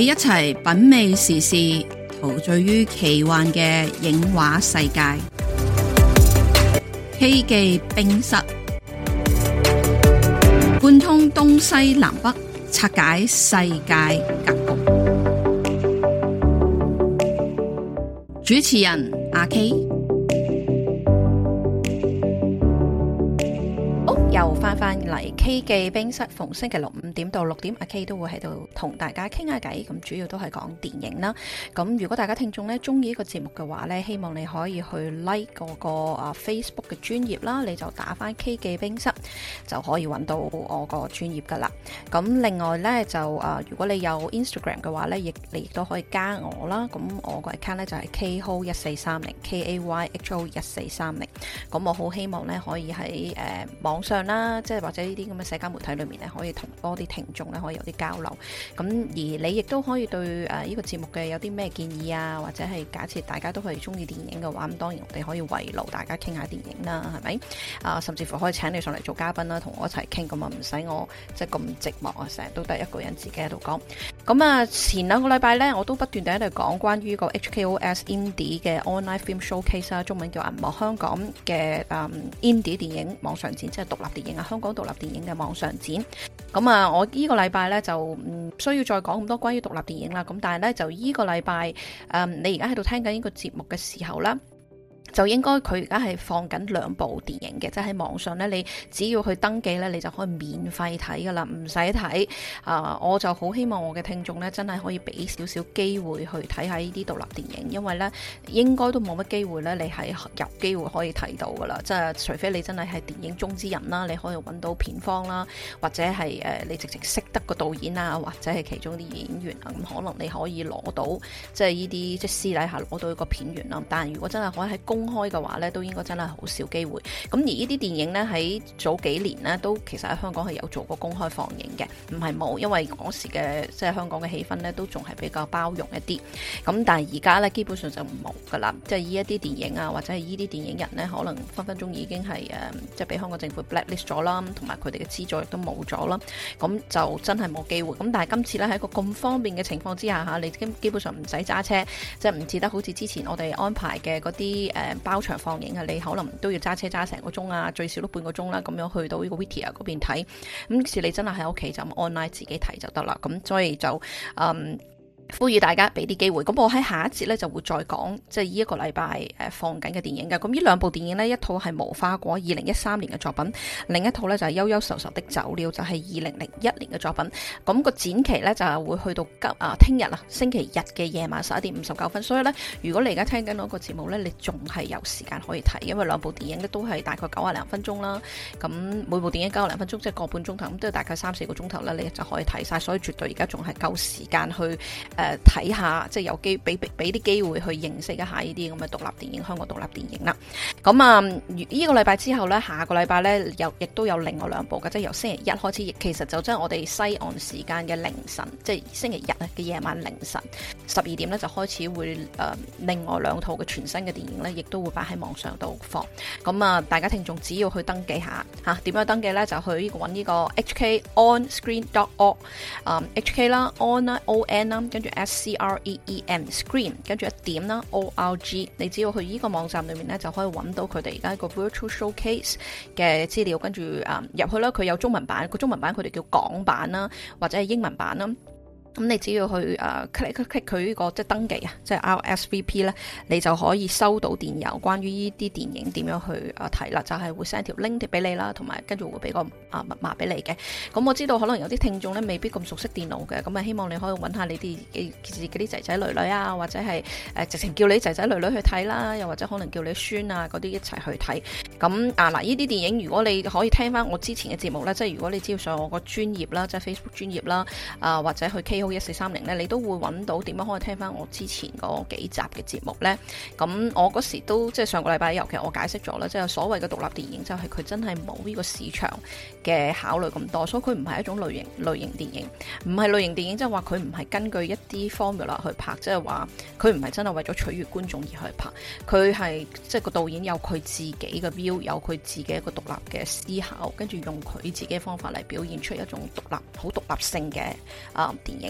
你一齊品味時事，陶醉於奇幻嘅影畫世界。K 記冰室，貫通東西南北，拆解世界格局。主持人阿 K，好又翻返嚟 K 記冰室，逢星期六。五點到六點，阿 K 都會喺度同大家傾下偈，咁主要都係講電影啦。咁如果大家聽眾咧中意呢個節目嘅話咧，希望你可以去 like 嗰個啊 Facebook 嘅專頁啦，你就打返 K 記冰室就可以揾到我個專頁㗎喇。咁另外咧就啊，如果你有 Instagram 嘅話咧，亦你都可以加我啦。咁我個 account 咧就係 KHO 一四三零 KAYHO 一四三零。咁我好希望咧可以喺誒、呃、網上啦，即係或者呢啲咁嘅社交媒體裏面咧，可以同多啲聽眾咧可以有啲交流咁，而你亦都可以對誒呢、啊這個節目嘅有啲咩建議啊？或者係假設大家都係中意電影嘅話，咁當然我哋可以圍爐，大家傾下電影啦，係咪啊？甚至乎可以請你上嚟做嘉賓啦，同我一齊傾咁啊，唔使我即係咁寂寞啊，成日都得一個人自己喺度講咁啊。前兩個禮拜咧，我都不斷地喺度講關於個 HKOS Indie 嘅 Online Film Showcase 啊，中文叫銀幕香港嘅誒、嗯、Indie 電影網上展，即係獨立電影啊，香港獨立電影嘅網上展。咁啊，我呢個禮拜呢，就唔、嗯、需要再講咁多關於獨立電影啦。咁但係咧，就呢個禮拜，誒、嗯，你而家喺度聽緊呢個節目嘅時候啦。就應該佢而家係放緊兩部電影嘅，即係喺網上咧，你只要去登記咧，你就可以免費睇噶啦，唔使睇。啊、呃，我就好希望我嘅聽眾咧，真係可以俾少少機會去睇下呢啲獨立電影，因為咧應該都冇乜機會咧，你係有機會可以睇到噶啦，即係除非你真係係電影中之人啦，你可以揾到片方啦，或者係誒、呃、你直直識得個導演啊，或者係其中啲演員啊，咁可能你可以攞到即係呢啲即係私底下攞到一個片源啦。但係如果真係可以喺公開嘅話咧，都應該真係好少機會。咁而呢啲電影咧，喺早幾年咧，都其實喺香港係有做過公開放映嘅，唔係冇，因為嗰時嘅即係香港嘅氣氛咧，都仲係比較包容一啲。咁但係而家咧，基本上就冇噶啦，即係呢一啲電影啊，或者係呢啲電影人咧，可能分分鐘已經係誒、呃，即係俾香港政府 blacklist 咗啦，同埋佢哋嘅資助亦都冇咗啦。咁就真係冇機會。咁但係今次咧，喺一個咁方便嘅情況之下吓，你基基本上唔使揸車，即係唔似得好似之前我哋安排嘅嗰啲誒、呃包場放映啊！你可能都要揸車揸成個鐘啊，最少都半個鐘啦，咁樣去到呢個 Vitia 嗰邊睇。咁是你真係喺屋企就 online 自己睇就得啦。咁所以就嗯。呼籲大家俾啲機會，咁我喺下一節咧就會再講，即係呢一個禮拜放緊嘅電影嘅。咁呢兩部電影呢，一套係《無花果》，二零一三年嘅作品；另一套呢，就係、是《憂憂愁愁的走了》，就係二零零一年嘅作品。咁、那個展期呢，就係會去到今啊聽日啊星期日嘅夜晚十一點五十九分。所以呢，如果你而家聽緊嗰個節目呢，你仲係有時間可以睇，因為兩部電影都係大概九啊零分鐘啦。咁每部電影九十零分鐘，即、就、係、是、個半鐘頭，咁都要大概三四個鐘頭呢，你就可以睇晒。所以絕對而家仲係夠時間去。誒，睇下即係有機俾俾俾啲機會去認識一下呢啲咁嘅獨立電影，香港獨立電影啦。咁啊，呢個禮拜之後咧，下個禮拜咧又亦都有另外兩部嘅，即係由星期一開始，亦其實就將我哋西岸時間嘅凌晨，即係星期日嘅夜晚凌晨十二點咧就開始會誒、呃、另外兩套嘅全新嘅電影咧，亦都會擺喺網上度放。咁啊，大家聽眾只要去登記下吓，點、啊、樣登記咧就去搵呢、呢個、呢個、h k on screen dot org 啊 h k 啦，on 啦，o n 啦，跟住。S, S C R E E M Screen，跟住一點啦，O R G。你只要去依個網站裏面咧，就可以揾到佢哋而家一個 virtual showcase 嘅資料。跟住啊，入、嗯、去啦，佢有中文版，個中文版佢哋叫港版啦，或者係英文版啦。咁你只要去誒 click 佢呢個即係登記啊，即係 RSVP 咧，你就可以收到電郵，關於呢啲電影點樣去誒睇啦，就係、是、會 send 條 link 俾你啦，同埋跟住會俾個啊密碼俾你嘅。咁我知道可能有啲聽眾咧未必咁熟悉電腦嘅，咁啊希望你可以揾下你啲啲仔仔女女啊，或者係誒、呃、直情叫你仔仔女女去睇啦，又或者可能叫你孫啊嗰啲一齊去睇。咁啊嗱，呢啲電影如果你可以聽翻我之前嘅節目咧，即係如果你只要上我個專頁啦，即係 Facebook 專頁啦，啊或者去、K 好一四三零咧，你都會揾到點樣可以聽翻我之前嗰幾集嘅節目咧？咁我嗰時都即係上個禮拜，尤其我解釋咗啦，即係所謂嘅獨立電影，就係、是、佢真係冇呢個市場嘅考慮咁多，所以佢唔係一種類型類型電影，唔係類型電影，即係話佢唔係根據一啲 formula 去拍，即係話佢唔係真係為咗取悅觀眾而去拍，佢係即係個導演有佢自己嘅 view 有佢自己一個獨立嘅思考，跟住用佢自己方法嚟表現出一種獨立好獨立性嘅啊、嗯、電影。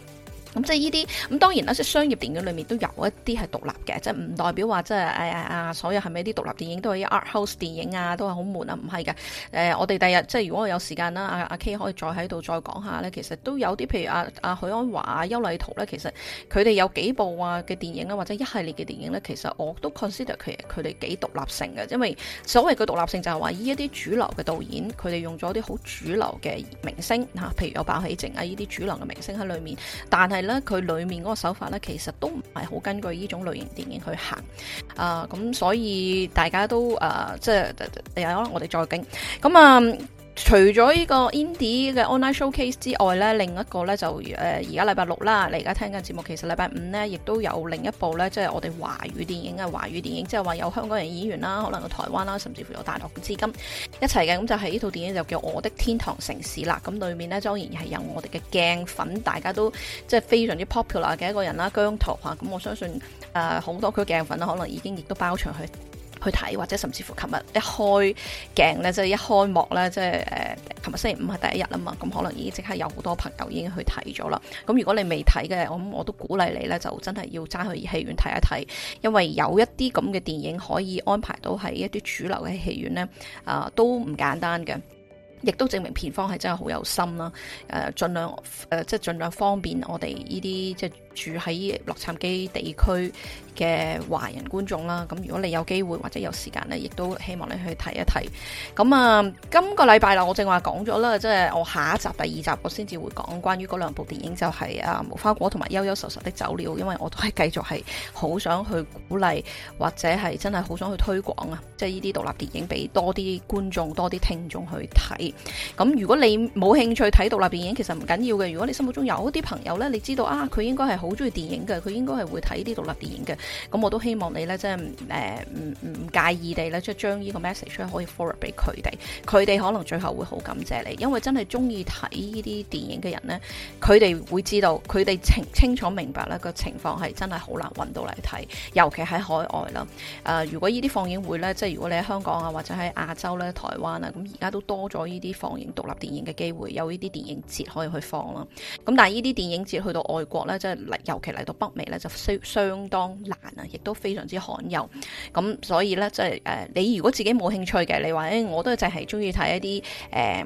咁即係呢啲，咁當然啦，即係商業電影裏面都有一啲係獨立嘅，即係唔代表話即係啊所有係咪啲獨立電影都係啲 art house 電影啊，都係好悶啊？唔係嘅，我哋第日即係如果我有時間啦，阿、啊、阿、啊、K 可以再喺度再講下咧，其實都有啲譬如阿阿許鞍華啊、邱、啊、禮、啊、圖咧，其實佢哋有幾部啊嘅電影咧，或者一系列嘅電影咧，其實我都 consider 佢哋幾獨立性嘅，因為所謂嘅獨立性就係話呢一啲主流嘅導演佢哋用咗啲好主流嘅明星嚇，譬如有鮑起靜啊呢啲主流嘅明星喺裡面，但係咧，佢裏面嗰個手法咧，其實都唔係好根據呢種類型電影去行啊，咁、呃、所以大家都誒、呃，即係有啦，我哋再驚咁啊。嗯除咗呢個 indie 嘅 online showcase 之外呢，另一個呢就誒而家禮拜六啦，你而家聽緊嘅節目，其實禮拜五呢亦都有另一部呢，即係我哋華語電影啊，華語電影即係話有香港人演員啦，可能有台灣啦，甚至乎有大陸嘅資金一齊嘅，咁就係呢套電影就叫《我的天堂城市》啦。咁裏面呢，當然係有我哋嘅鏡粉，大家都即係非常之 popular 嘅一個人啦，姜濤嚇。咁、啊、我相信誒好、呃、多佢嘅鏡粉啊，可能已經亦都包場去。去睇或者甚至乎琴日一開鏡咧，即係一開幕咧，即係誒，琴日星期五係第一日啊嘛，咁可能已經即刻有好多朋友已經去睇咗啦。咁如果你未睇嘅，我我都鼓勵你咧，就真係要爭去戲院睇一睇，因為有一啲咁嘅電影可以安排到喺一啲主流嘅戲院咧，啊都唔簡單嘅，亦都證明片方係真係好有心啦。誒，儘量誒，即係儘量方便我哋呢啲即。住喺洛杉磯地區嘅華人觀眾啦，咁如果你有機會或者有時間呢，亦都希望你去睇一睇。咁啊、呃，今個禮拜啦，我正話講咗啦，即係我下一集、第二集，我先至會講關於嗰兩部電影，就係《啊無花果》同埋《憂憂愁愁的走了》，因為我都係繼續係好想去鼓勵或者係真係好想去推廣啊，即係呢啲獨立電影俾多啲觀眾、多啲聽眾去睇。咁如果你冇興趣睇獨立電影，其實唔緊要嘅。如果你心目中有一啲朋友呢，你知道啊，佢應該係。好中意電影嘅，佢應該係會睇啲獨立電影嘅。咁我都希望你呢，即係誒唔唔介意地呢，即係將呢個 message 可以 forward 俾佢哋，佢哋可能最後會好感謝你，因為真係中意睇呢啲電影嘅人呢，佢哋會知道，佢哋清清楚明白呢個情況係真係好難揾到嚟睇，尤其喺海外啦。誒、呃，如果呢啲放映會呢，即係如果你喺香港啊，或者喺亞洲呢，台灣啊，咁而家都多咗呢啲放映獨立電影嘅機會，有呢啲電影節可以去放啦。咁但係呢啲電影節去到外國呢，即係。尤其嚟到北美咧，就相相當難啊，亦都非常之罕有。咁所以咧，即係誒，你如果自己冇興趣嘅，你話誒、欸，我都淨係中意睇一啲誒。呃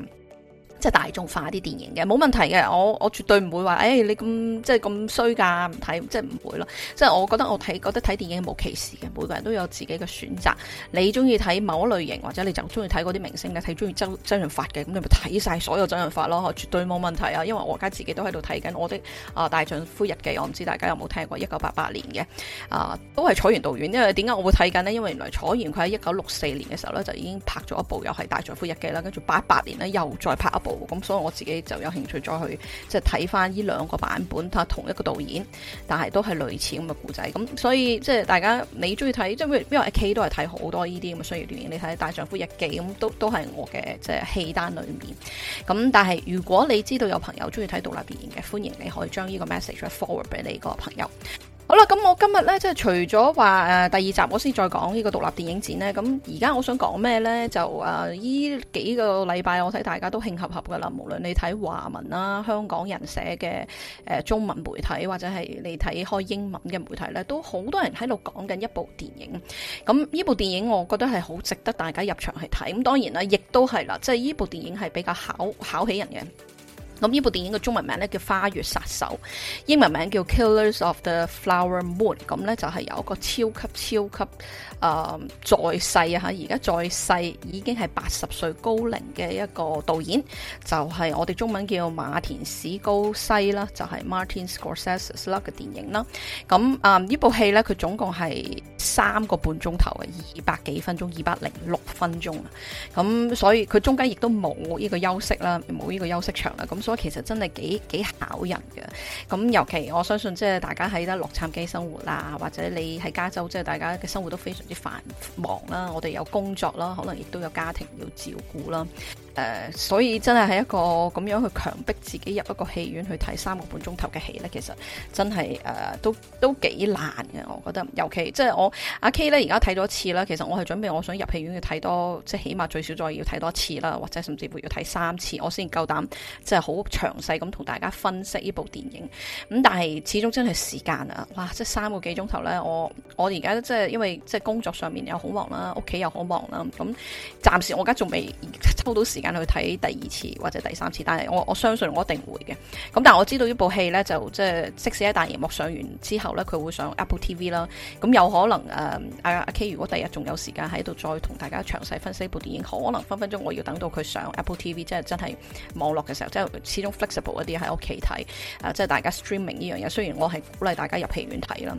即係大眾化啲電影嘅，冇問題嘅。我我絕對唔會話，誒、哎、你咁即係咁衰噶，唔睇，即係唔會咯。即係我覺得我睇，覺得睇電影冇歧視嘅。每個人都有自己嘅選擇。你中意睇某一類型，或者你就中意睇嗰啲明星嘅，睇中意周周潤發嘅，咁你咪睇晒所有周潤發咯，絕對冇問題啊。因為我而家自己都喺度睇緊我的《啊大丈夫日記》，我唔知大家有冇聽過一九八八年嘅啊、呃，都係楚原導演。因為點解我會睇緊呢？因為原來楚原佢喺一九六四年嘅時候咧，就已經拍咗一部又係《大丈夫日記》啦。跟住八八年咧，又再拍一部。咁所以我自己就有興趣再去即係睇翻呢兩個版本，睇下同一個導演，但係都係類似咁嘅故仔。咁所以即係、就是、大家你中意睇，即係邊邊 K 都係睇好多呢啲咁嘅商業電影。你睇《大丈夫日記》咁都都係我嘅即係戲單裏面。咁但係如果你知道有朋友中意睇獨立電影嘅，歡迎你可以將呢個 message forward 俾你個朋友。好啦，咁我今日咧，即係除咗話誒第二集，我先再講呢個獨立電影展咧。咁而家我想講咩咧？就誒，依、啊、幾個禮拜我睇大家都慶合合噶啦。無論你睇華文啦，香港人寫嘅誒中文媒體，或者係你睇開英文嘅媒體咧，都好多人喺度講緊一部電影。咁呢部電影我覺得係好值得大家入場去睇。咁當然啦，亦都係啦，即係呢部電影係比較考考起人嘅。咁呢部電影嘅中文名咧叫《花月殺手》，英文名叫《Killers of the Flower Moon》。咁咧就係有一個超級超級誒、嗯、在世啊嚇，而家在，在世已經係八十歲高齡嘅一個導演，就係、是、我哋中文叫馬田史高西啦，就係、是、Martin Scorsese 嘅電影啦。咁誒呢部戲呢，佢總共係三個半鐘頭嘅，二百幾分鐘，二百零六分鐘啊。咁、嗯、所以佢中間亦都冇呢個休息啦，冇呢個休息場啦。咁、嗯、所以其實真係幾幾考人嘅。咁、嗯、尤其我相信即係大家喺得洛杉磯生活啦，或者你喺加州，即係大家嘅生活都非常。繁忙啦，我哋有工作啦，可能亦都有家庭要照顧啦。Uh, 所以真係喺一個咁樣去強迫自己入一個戲院去睇三個半鐘頭嘅戲呢，其實真係、uh, 都都幾難嘅。我覺得，尤其即係、就是、我阿 K 呢，而家睇咗一次啦。其實我係準備，我想入戲院去睇多，即係起碼最少再要睇多一次啦，或者甚至乎要睇三次，我先夠膽即係好詳細咁同大家分析呢部電影。咁但係始終真係時間啊！哇，即三個幾鐘頭呢。我我而家即係因為即係工作上面又好忙啦，屋企又好忙啦，咁暫時我而家仲未抽到時間。去睇第二次或者第三次，但係我我相信我一定會嘅。咁但係我知道呢部戲呢，就即係即使喺大熒幕上完之後呢，佢會上 Apple TV 啦。咁有可能誒，阿、呃、阿 K 如果第日仲有時間喺度再同大家詳細分析呢部電影，可能分分鐘我要等到佢上 Apple TV，即係真係網絡嘅時候，即係始終 flexible 一啲喺屋企睇。誒，即係大家 streaming 呢樣嘢，雖然我係鼓勵大家入戲院睇啦。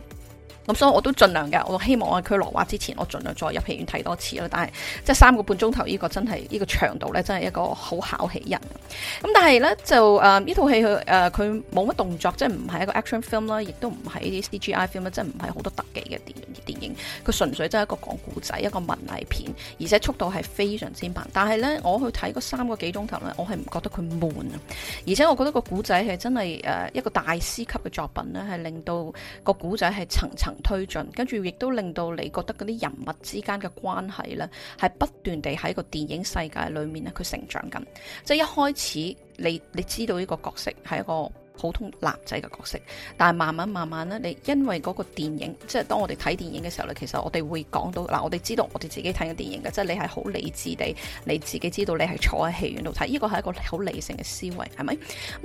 咁、嗯、所以我都盡量嘅，我希望我喺佢落畫之前，我盡量再入戲院睇多次啦。但係即三個半鐘頭呢個真係呢、呢個長度呢，真係一個好考起人。咁、嗯、但係呢，就誒呢套戲佢冇乜動作，即係唔係一個 action film 啦，亦都唔係啲 CGI film 啦，即係唔係好多特技嘅電電影。佢純粹真係一個講故仔一個文藝片，而且速度係非常之慢。但係呢，我去睇嗰三個幾鐘頭呢，我係唔覺得佢悶啊，而且我覺得個故仔係真係誒、呃、一個大師級嘅作品呢係令到個故仔係層層推進，跟住亦都令到你覺得嗰啲人物之間嘅關係呢，係不斷地喺個電影世界裏面咧，佢成長緊。即係一開始，你你知道呢個角色係一個。普通男仔嘅角色，但係慢慢慢慢咧，你因為嗰個電影，即係當我哋睇電影嘅時候咧，其實我哋會講到嗱，我哋知道我哋自己睇緊電影嘅，即係你係好理智地，你自己知道你係坐喺戲院度睇，呢個係一個好理性嘅思維，係咪？咁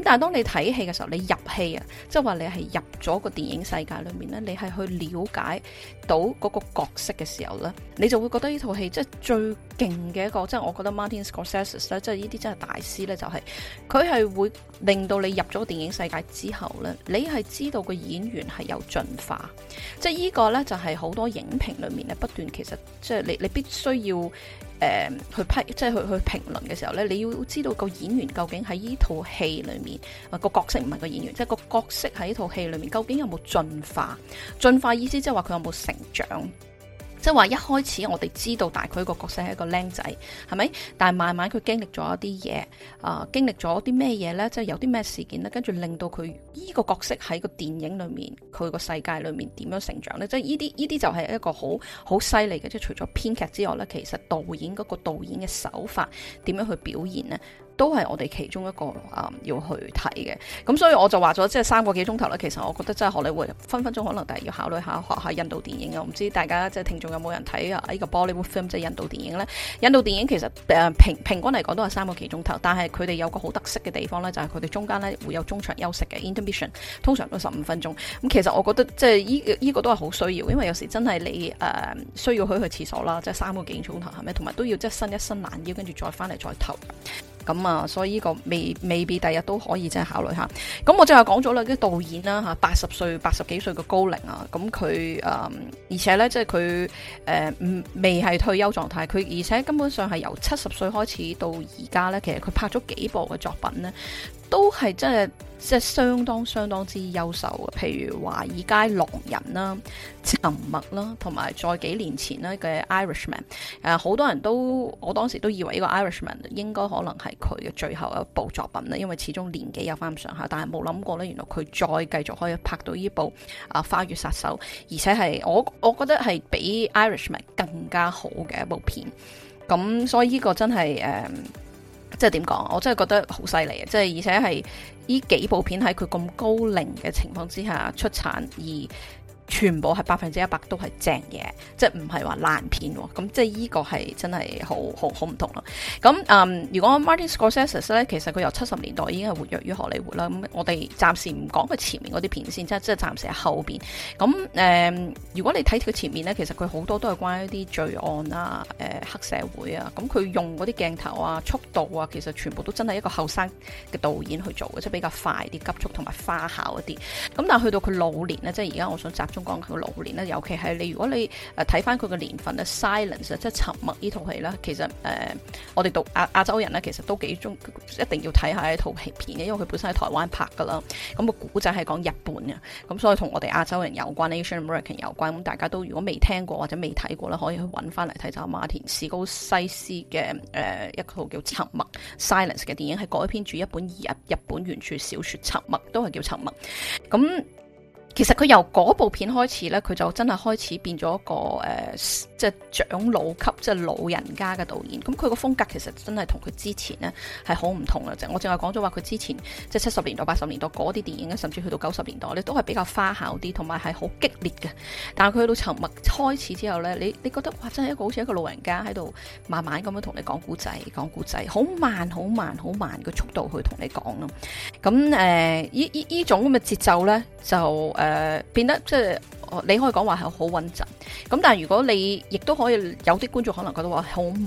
但係當你睇戲嘅時候，你入戲啊，即係話你係入咗個電影世界裏面咧，你係去了解到嗰個角色嘅時候咧，你就會覺得呢套戲即係最勁嘅一個，即係我覺得 Martin Scorsese 咧，即係呢啲真係大師咧，就係佢係會令到你入咗電影世界。世界之後咧，你係知道個演員係有進化，即係呢個呢，就係好多影評裏面咧不斷，其實即係你你必須要誒去批，即係去去評論嘅時候咧，你要知道個演員究竟喺依套戲裏面，啊個角色唔係個演員，即係個角色喺呢套戲裏面究竟有冇進化？進化意思即係話佢有冇成長？即係話一開始我哋知道大概個角色係一個靚仔，係咪？但係慢慢佢經歷咗一啲嘢，啊、呃，經歷咗啲咩嘢呢？即係有啲咩事件呢？跟住令到佢呢個角色喺個電影裏面，佢個世界裏面點樣成長呢？即係呢啲呢啲就係一個好好犀利嘅，即係除咗編劇之外呢，其實導演嗰、嗰個導演嘅手法點樣去表現呢？都係我哋其中一個啊、嗯，要去睇嘅。咁所以我就話咗，即係三個幾鐘頭啦。其實我覺得真係學你會分分鐘可能，第日要考慮下學下印度電影啊。我唔知大家即係聽眾有冇人睇啊？呢個 Bollywood film 即係印度電影呢？印度電影其實誒平平均嚟講都係三個幾鐘頭，但係佢哋有個好特色嘅地方呢，就係佢哋中間呢會有中場休息嘅 intermission 通常都十五分鐘。咁其實我覺得即係呢依個都係好需要，因為有時真係你誒、呃、需要去去廁所啦，即係三個幾鐘頭係咪？同埋都要即係伸一伸懶腰，跟住再翻嚟再投。咁啊，所以呢個未未必第日都可以，即係考慮下。咁我就係講咗啦，啲導演啦吓，八十歲、八十幾歲嘅高齡啊，咁佢誒，而且咧，即係佢誒，未係退休狀態。佢而且根本上係由七十歲開始到而家咧，其實佢拍咗幾部嘅作品咧。都係真係，即係相當相當之優秀嘅。譬如華爾街狼人啦、沉默啦，同埋再幾年前呢嘅 Irishman，誒、呃，好多人都，我當時都以為呢個 Irishman 應該可能係佢嘅最後一部作品，因為始終年紀有翻咁上下，但係冇諗過呢。原來佢再繼續可以拍到呢部啊花月殺手，而且係我我覺得係比 Irishman 更加好嘅一部片。咁所以呢個真係誒。呃即係點講？我真係覺得好犀利啊！即係而且係呢幾部片喺佢咁高齡嘅情況之下出產而，全部係百分之一百都係正嘢，即係唔係話爛片喎？咁即係依個係真係好好好唔同咯。咁嗯，如果 Martin Scorsese 咧，其實佢由七十年代已經係活躍於荷里活啦。咁我哋暫時唔講佢前面嗰啲片先，即係即係暫時喺後邊。咁誒、嗯，如果你睇佢前面咧，其實佢好多都係關於一啲罪案啊、誒、呃、黑社會啊。咁佢用嗰啲鏡頭啊、速度啊，其實全部都真係一個後生嘅導演去做嘅，即係比較快啲、急速同埋花巧一啲。咁但係去到佢老年咧，即係而家我想集中。講佢老年咧，尤其係你如果你誒睇翻佢個年份咧，Silence 即係沉默呢套戲啦。其實誒、呃，我哋讀亞亞洲人咧，其實都幾鍾，一定要睇下一套戲片嘅，因為佢本身喺台灣拍噶啦。咁個古仔係講日本嘅，咁、嗯、所以同我哋亞洲人有關，Asian American 有關。咁大家都如果未聽過或者未睇過咧，可以去搵翻嚟睇。就馬田史高西斯嘅誒一套叫《沉默 Silence》嘅電影，係改編住一本日日本原著小說《沉默》，都係叫《沉默》咁、嗯。其實佢由嗰部片開始呢，佢就真係開始變咗一個誒、呃，即係長老級，即係老人家嘅導演。咁佢個風格其實真係同佢之前呢係好唔同啊！我淨係講咗話佢之前即係七十年代、八十年代嗰啲電影甚至去到九十年代呢都係比較花巧啲，同埋係好激烈嘅。但係佢去到沉默開始之後呢，你你覺得哇！真係一個好似一個老人家喺度慢慢咁樣同你講故仔，講故仔，好慢、好慢、好慢嘅速度去同你講咯。咁誒，呢呢呢種咁嘅節奏呢，就～誒、呃，變得即係，你可以講話係好穩陣。咁但係如果你亦都可以有啲觀眾可能覺得話好悶。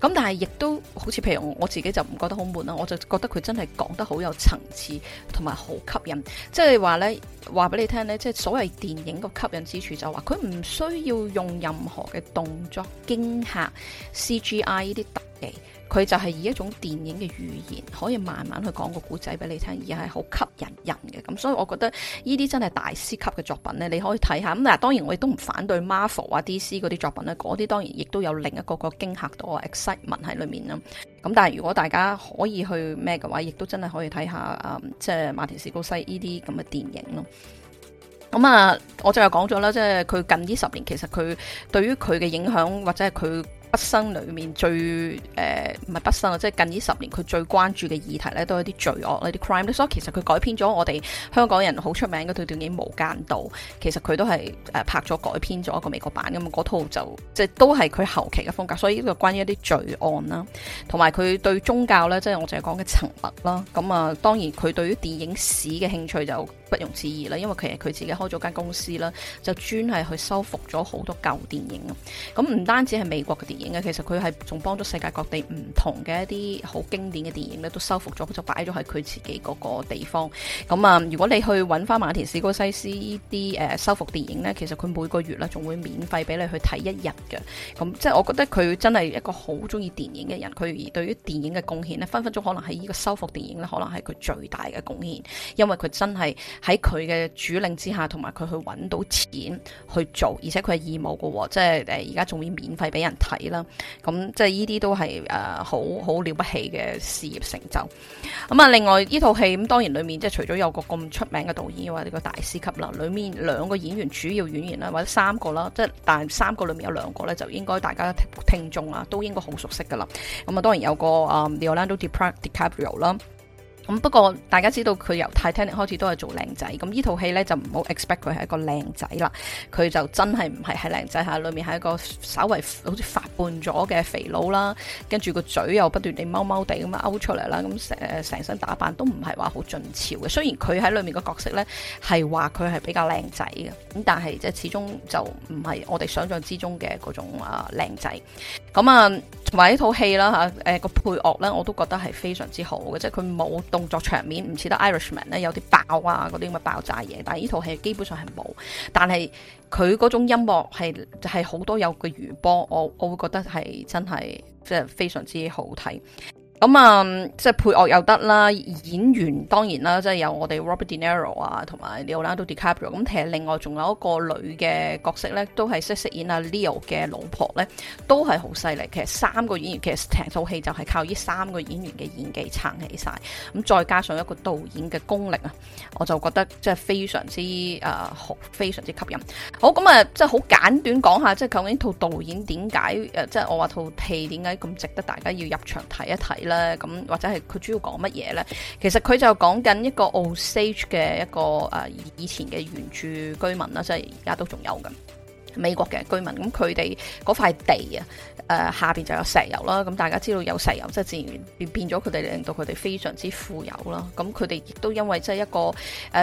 咁但係亦都好似譬如我自己就唔覺得好悶啦，我就覺得佢真係講得好有層次，同埋好吸引。即係話呢，話俾你聽呢，即係所謂電影個吸引之處就話，佢唔需要用任何嘅動作驚嚇 CGI 呢啲特技。佢就係以一種電影嘅語言，可以慢慢去講個故仔俾你聽，而係好吸引人嘅。咁所以，我覺得呢啲真係大師級嘅作品咧，你可以睇下。咁嗱，當然我亦都唔反對 Marvel 啊、DC 嗰啲作品咧。嗰啲當然亦都有另一個個驚嚇到啊 excitement 喺裏面啦。咁但係如果大家可以去咩嘅話，亦都真係可以睇下啊、嗯，即係馬田士高西呢啲咁嘅電影咯。咁啊，我就係講咗啦，即係佢近呢十年其實佢對於佢嘅影響或者係佢。畢生裏面最，誒，唔係畢生啊，即係近呢十年佢最關注嘅議題咧，都係啲罪惡嗰啲 crime。所以其實佢改編咗我哋香港人好出名嗰套電影《無間道》，其實佢都係誒，拍咗改編咗一個美國版咁啊。嗰套就即係都係佢後期嘅風格。所以呢個關於一啲罪案啦，同埋佢對宗教咧，即係我淨係講嘅沉默啦。咁啊，當然佢對於電影史嘅興趣就不容置疑啦。因為其實佢自己開咗間公司啦，就專係去修復咗好多舊電影。咁唔單止係美國嘅電影。其實佢係仲幫咗世界各地唔同嘅一啲好經典嘅電影咧，都修復咗，就擺咗喺佢自己嗰個地方。咁啊，如果你去揾翻馬田史高西斯啲誒修復電影呢，其實佢每個月呢仲會免費俾你去睇一日嘅。咁即係我覺得佢真係一個好中意電影嘅人，佢而對於電影嘅貢獻呢，分分鐘可能喺呢個修復電影呢，可能係佢最大嘅貢獻，因為佢真係喺佢嘅主領之下，同埋佢去揾到錢去做，而且佢係義務嘅喎，即係而家仲要免費俾人睇。啦，咁即係呢啲都係誒好好了不起嘅事業成就。咁啊，另外呢套戲咁，當然裡面即係除咗有個咁出名嘅導演或者個大師級啦，裡面兩個演員主要演員啦，或者三個啦，即係但係三個裡面有兩個咧，就應該大家聽聽眾啊都應該好熟悉噶啦。咁啊，當然有個啊 Leonardo DiCaprio 啦。嗯咁、嗯、不過大家知道佢由 Titanic 開始都係做靚仔，咁呢套戲呢，就唔好 expect 佢係一個靚仔啦。佢就真係唔係係靚仔嚇，裡面係一個稍微好似發胖咗嘅肥佬啦，跟住個嘴又不斷地踎踎地咁樣勾出嚟啦，咁誒成身打扮都唔係話好俊俏嘅。雖然佢喺裡面個角色呢，係話佢係比較靚仔嘅，咁但係即係始終就唔係我哋想象之中嘅嗰種啊靚仔。咁啊～同埋呢套戲啦嚇，誒個配樂咧我都覺得係非常之好嘅，即係佢冇動作場面，唔似得《Irishman》咧有啲爆啊嗰啲咁嘅爆炸嘢，但係呢套戲基本上係冇，但係佢嗰種音樂係就係好多有個餘波，我我會覺得係真係即係非常之好睇。咁啊、呃，即係配樂又得啦，演員當然啦，即係有我哋 Robert De Niro 啊，同埋 Leonardo DiCaprio，嗯。咁其實另外仲有一個女嘅角色咧，都係識飾演阿、啊、Leo 嘅老婆咧，都係好犀利。其實三個演員，其實成套戲就係靠呢三個演員嘅演技撐起晒。咁、嗯、再加上一個導演嘅功力啊，我就覺得即係非常之誒、呃，好，非常之吸引。好，咁、嗯、啊，即係好簡短講下，即係究竟套導演點解誒，即係我話套戲點解咁值得大家要入場睇一睇，咧，咁或者係佢主要講乜嘢咧？其實佢就講緊一個 Osage 嘅一個誒以前嘅原住居民啦，即係而家都仲有嘅美國嘅居民。咁佢哋嗰塊地啊，誒下邊就有石油啦。咁大家知道有石油，即係自然變變咗佢哋令到佢哋非常之富有啦。咁佢哋亦都因為即係一個誒，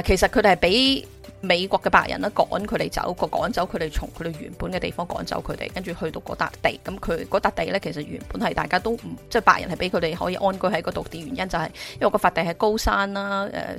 其實佢哋係俾。美國嘅白人啦，趕佢哋走，個趕走佢哋，從佢哋原本嘅地方趕走佢哋，跟住去到嗰笪地。咁佢嗰笪地咧，其實原本係大家都唔，即係白人係俾佢哋可以安居喺嗰度啲原因，就係因為個法地係高山啦，呃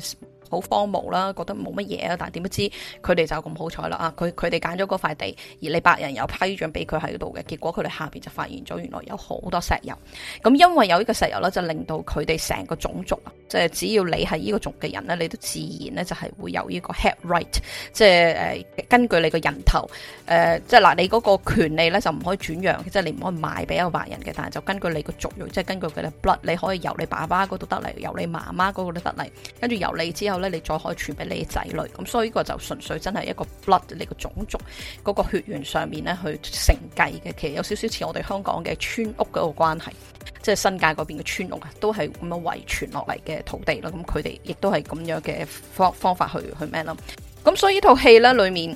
好荒謬啦，覺得冇乜嘢啊，但係點不知佢哋就咁好彩啦啊！佢佢哋揀咗嗰塊地，而你白人又批准俾佢喺度嘅，結果佢哋下邊就發現咗，原來有好多石油。咁因為有呢個石油咧，就令到佢哋成個種族啊，即係只要你係呢個族嘅人咧，你都自然咧就係會有呢個 head right，即係誒根據你個人頭誒，即係嗱你嗰個權利咧就唔可以轉讓，即係你唔可以賣俾一個白人嘅，但係就根據你個族裔，即係根據佢嘅 blood，你可以由你爸爸嗰度得嚟，由你媽媽嗰度得嚟，跟住由你之後。咧，你再可以傳俾你嘅仔女，咁所以呢個就純粹真係一個 blood，你個種族嗰個血緣上面咧去承繼嘅，其實有少少似我哋香港嘅村屋嗰個關係，即係新界嗰邊嘅村屋啊，都係咁樣遺傳落嚟嘅土地啦。咁佢哋亦都係咁樣嘅方方法去去咩咯？咁所以呢套戲咧裏面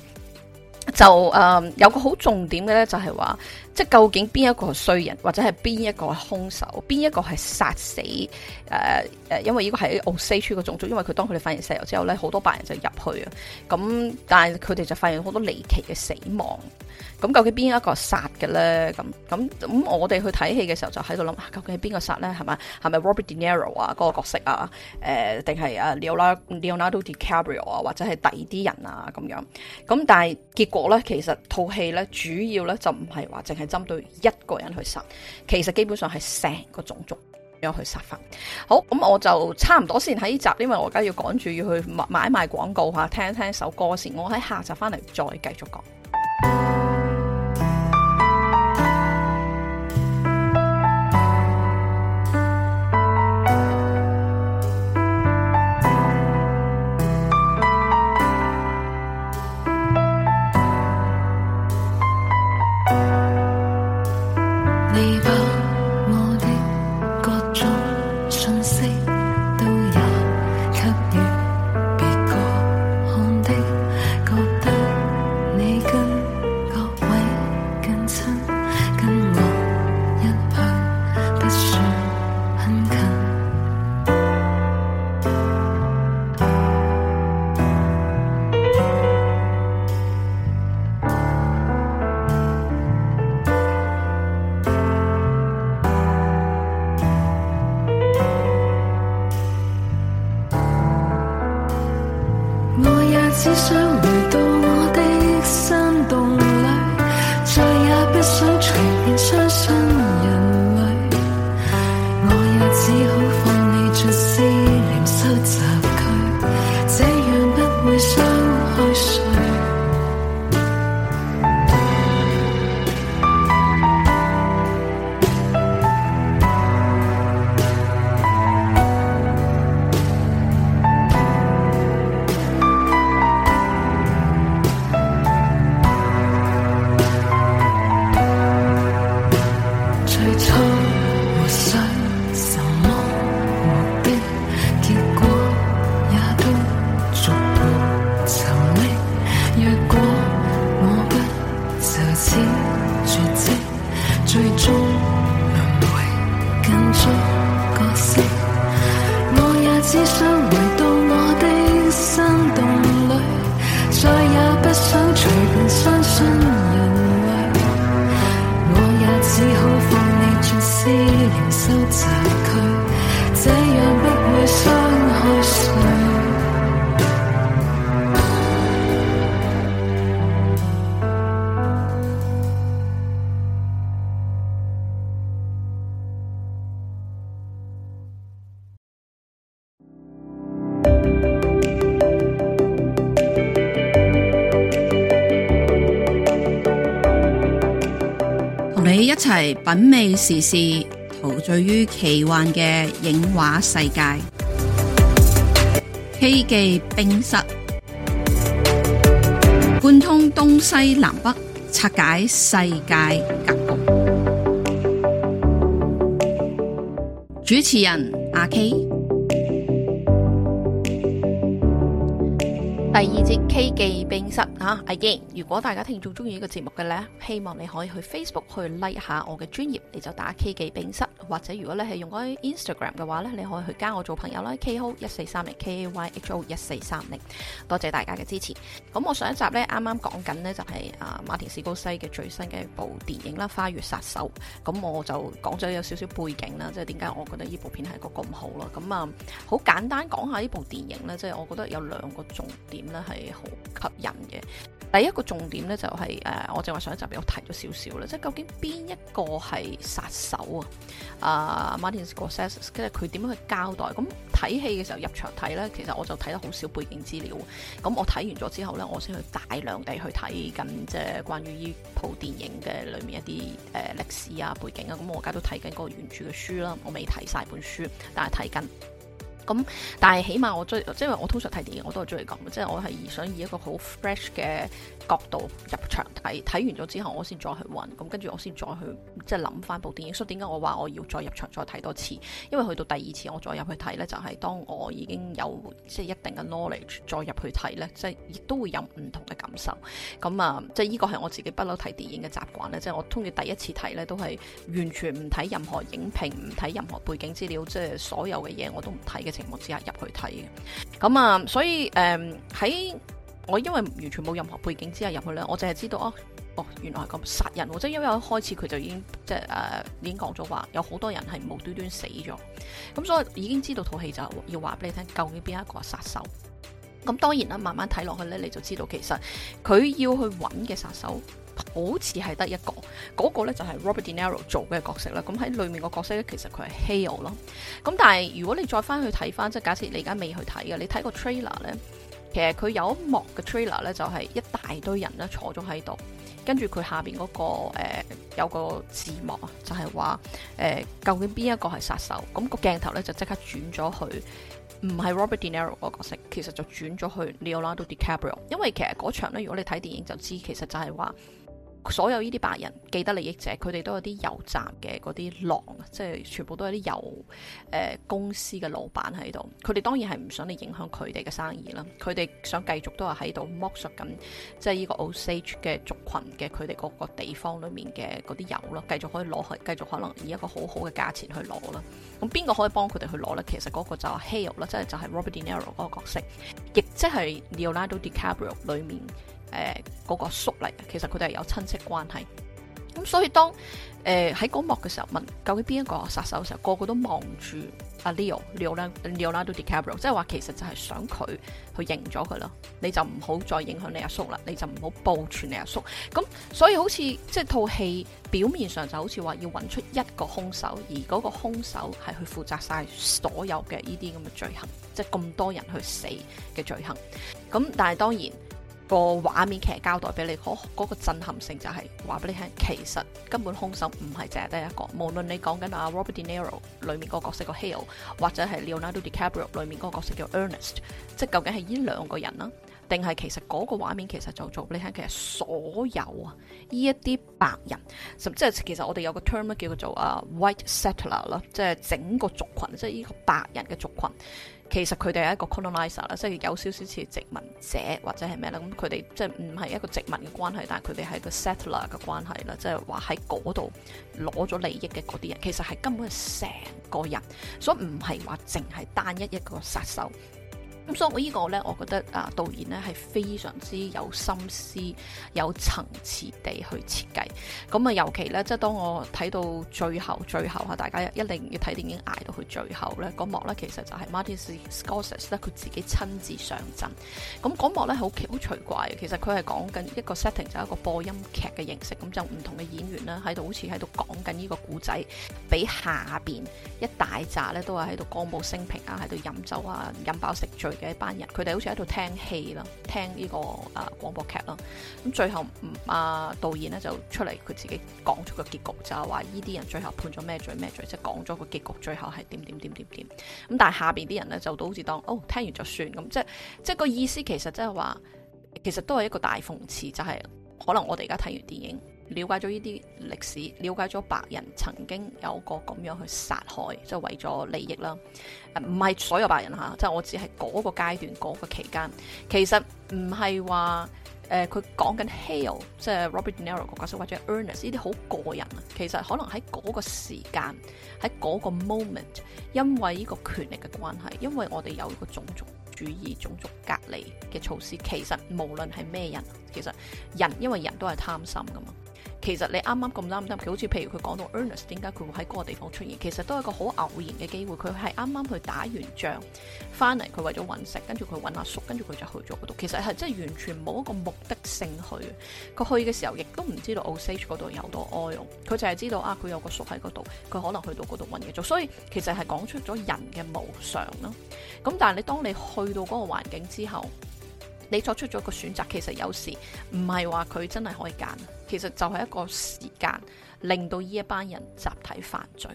就誒、呃、有個好重點嘅咧，就係話。即究竟邊一個係衰人，或者係邊一個係兇手，邊一個係殺死誒誒、呃，因為呢個係奧斯楚嘅種族，因為佢當佢哋發現石油之後咧，好多白人就入去啊。咁但係佢哋就發現好多離奇嘅死亡。咁究竟邊一個殺嘅咧？咁咁咁，我哋去睇戲嘅時候就喺度諗，究竟係邊個殺咧？係咪係咪 Robert De Niro 啊，嗰個角色啊？誒、呃，定係阿 Leon Leonardo DiCaprio 啊？或者係第二啲人啊？咁樣。咁但係結果咧，其實套戲咧，主要咧就唔係話淨係。針對一個人去殺，其實基本上係成個種族咁樣去殺法。好，咁我就差唔多先喺呢集，因為我而家要趕住要去買賣廣告吓，聽一聽一首歌先。我喺下集翻嚟再繼續講。品味時事，陶醉於奇幻嘅影畫世界。K 記冰室，貫通東西南北，拆解世界格局。主持人阿 K，第二節 K 記冰室。啊如果大家聽眾中意呢個節目嘅呢，希望你可以去 Facebook 去 like 下我嘅專頁，你就打 K 記冰室，或者如果你係用開 Instagram 嘅話呢，你可以去加我做朋友啦，Kho 一四三零，K、A、Y H O 一四三零，多謝大家嘅支持。咁我上一集呢，啱啱講緊呢就係、是、啊馬田史高西嘅最新嘅一部電影啦，《花月殺手》。咁我就講咗有少少背景啦，即係點解我覺得呢部片係嗰咁好咯。咁啊，好、嗯、簡單講下呢部電影呢，即、就、係、是、我覺得有兩個重點呢係好吸引嘅。第一個重點咧，就係、是、誒、呃，我正話上一集我提咗少少啦，即係究竟邊一個係殺手啊？啊、呃，Martin Scorsese，跟住佢點樣去交代？咁睇戲嘅時候入場睇咧，其實我就睇得好少背景資料。咁我睇完咗之後咧，我先去大量地去睇緊即係關於呢套電影嘅裏面一啲誒歷史啊背景啊。咁我而家都睇緊嗰個原著嘅書啦，我未睇晒本書，但係睇緊。咁，但係起碼我追，即係我通常睇電影我都係追嚟講，即係我係想以一個好 fresh 嘅角度入場睇，睇完咗之後我先再去揾，咁跟住我先再去即係諗翻部電影。所以點解我話我要再入場再睇多次？因為去到第二次我再入去睇咧，就係當我已經有即係一定嘅 knowledge 再入去睇咧，即係亦都會有唔同嘅感受。咁啊，即係呢個係我自己不嬲睇電影嘅習慣咧。即係我通常第一次睇咧都係完全唔睇任何影評唔睇任何背景資料，即係所有嘅嘢我都唔睇嘅。屏幕之下入去睇嘅，咁、嗯、啊，所以誒喺、嗯、我因為完全冇任何背景之下入去咧，我淨係知道哦，哦原來係咁殺人，即係因為一開始佢就已經即係誒已經講咗話有好多人係無端端死咗，咁、嗯、所以已經知道套戲就係要話俾你聽，究竟邊一個係殺手？咁、嗯、當然啦，慢慢睇落去咧，你就知道其實佢要去揾嘅殺手。好似係得一個，嗰、那個咧就係 Robert De Niro 做嘅角色啦。咁喺裏面個角色咧，其實佢係 Hale 咯。咁但係如果你再翻去睇翻，即係假設你而家未去睇嘅，你睇個 trailer 咧，其實佢有一幕嘅 trailer 咧，就係一大堆人咧坐咗喺度，跟住佢下面嗰、那個、呃、有個字幕啊，就係話究竟邊一個係殺手？咁、那個鏡頭咧就即刻轉咗去，唔係 Robert De Niro 個角色，其實就轉咗去 Leonardo DiCaprio。因為其實嗰場咧，如果你睇電影就知，其實就係話。所有呢啲白人既得利益者，佢哋都有啲油站嘅嗰啲狼，即係全部都有啲油誒、呃、公司嘅老闆喺度。佢哋當然係唔想你影響佢哋嘅生意啦，佢哋想繼續都係喺度剝削緊，即係呢個 Osage 嘅族群嘅佢哋嗰個地方裏面嘅嗰啲油咯，繼續可以攞去，繼續可能以一個好好嘅價錢去攞啦。咁邊個可以幫佢哋去攞咧？其實嗰個就係 Hale 啦，即係就係 Robert De Niro 嗰個角色，亦即係 Leonardo DiCaprio 裏面。誒，嗰、呃那個叔嚟，其實佢哋係有親戚關係。咁所以當誒喺嗰幕嘅時候問究竟邊一個殺手嘅時候，個個都望住阿、啊、Leo，Leo 咧，都 DiCaprio，即係話其實就係想佢去認咗佢。咯。你就唔好再影響你阿叔啦，你就唔好保全你阿叔。咁所以好似即係套戲表面上就好似話要揾出一個凶手，而嗰個凶手係去負責晒所有嘅呢啲咁嘅罪行，即係咁多人去死嘅罪行。咁但係當然。個畫面其實交代俾你，嗰、嗰個震撼性就係話俾你聽，其實根本兇手唔係淨係得一個。無論你講緊阿 Robert De Niro 裡面嗰個角色個 Hale，或者係 Leonardo DiCaprio 裡面嗰個角色叫 Ernest，即係究竟係呢兩個人啦，定係其實嗰個畫面其實就做俾你睇，其實所有啊呢一啲白人，甚至係其實我哋有個 term 叫做啊 White settler 啦，即係整個族群，即係呢個白人嘅族群。其實佢哋係一個 colonizer 啦，即係有少少似殖民者或者係咩啦。咁佢哋即係唔係一個殖民嘅關係，但係佢哋係個 settler 嘅關係啦，即係話喺嗰度攞咗利益嘅嗰啲人，其實係根本係成個人，所以唔係話淨係單一一個殺手。咁所以我呢個咧，我覺得啊導演咧係非常之有心思、有層次地去設計。咁啊，尤其咧，即係當我睇到最後、最後嚇，大家一定要睇電影捱到去最後咧，嗰幕咧其實就係 Martin Scorsese 佢自己親自上陣。咁嗰幕咧好奇、好奇怪，其實佢係講緊一個 setting，就係一個播音劇嘅形式，咁就唔同嘅演員咧喺度好似喺度講緊呢個古仔，俾下邊一大扎咧都係喺度歌舞升平啊，喺度飲酒啊，飲飽食醉。嘅一班人，佢哋好似喺度聽戲啦，聽呢個啊廣播劇啦。咁最後，阿導演咧就出嚟，佢自己講出個結局，就係話呢啲人最後判咗咩罪咩罪，即係講咗個結局，最後係點點點點點。咁但係下邊啲人咧，就都好似當哦，聽完就算咁。即係即係個意思，其實即係話，其實都係一個大諷刺，就係可能我哋而家睇完電影。了解咗呢啲歷史，了解咗白人曾經有過咁樣去殺害，即係為咗利益啦。誒，唔係所有白人嚇，即係我只係嗰個階段、嗰個期間。其實唔係話誒，佢講緊 Hale，即係 Robert De Niro 個角色或者 Ernest 呢啲好個人啊。其實可能喺嗰個時間，喺嗰個 moment，因為呢個權力嘅關係，因為我哋有一個種族主義、種族隔離嘅措施，其實無論係咩人，其實人因為人都係貪心噶嘛。其實你啱啱咁啱得，佢好似譬如佢講到 Ernest，點解佢會喺嗰個地方出現？其實都係一個好偶然嘅機會，佢係啱啱去打完仗翻嚟，佢為咗揾食，跟住佢揾阿叔，跟住佢就去咗嗰度。其實係真係完全冇一個目的性去，佢去嘅時候亦都唔知道 Osage 嗰度有多油，佢就係知道啊，佢有個叔喺嗰度，佢可能去到嗰度揾嘢做。所以其實係講出咗人嘅無常啦。咁但係你當你去到嗰個環境之後。你作出咗個選擇，其實有時唔係話佢真係可以揀，其實就係一個時間令到呢一班人集體犯罪。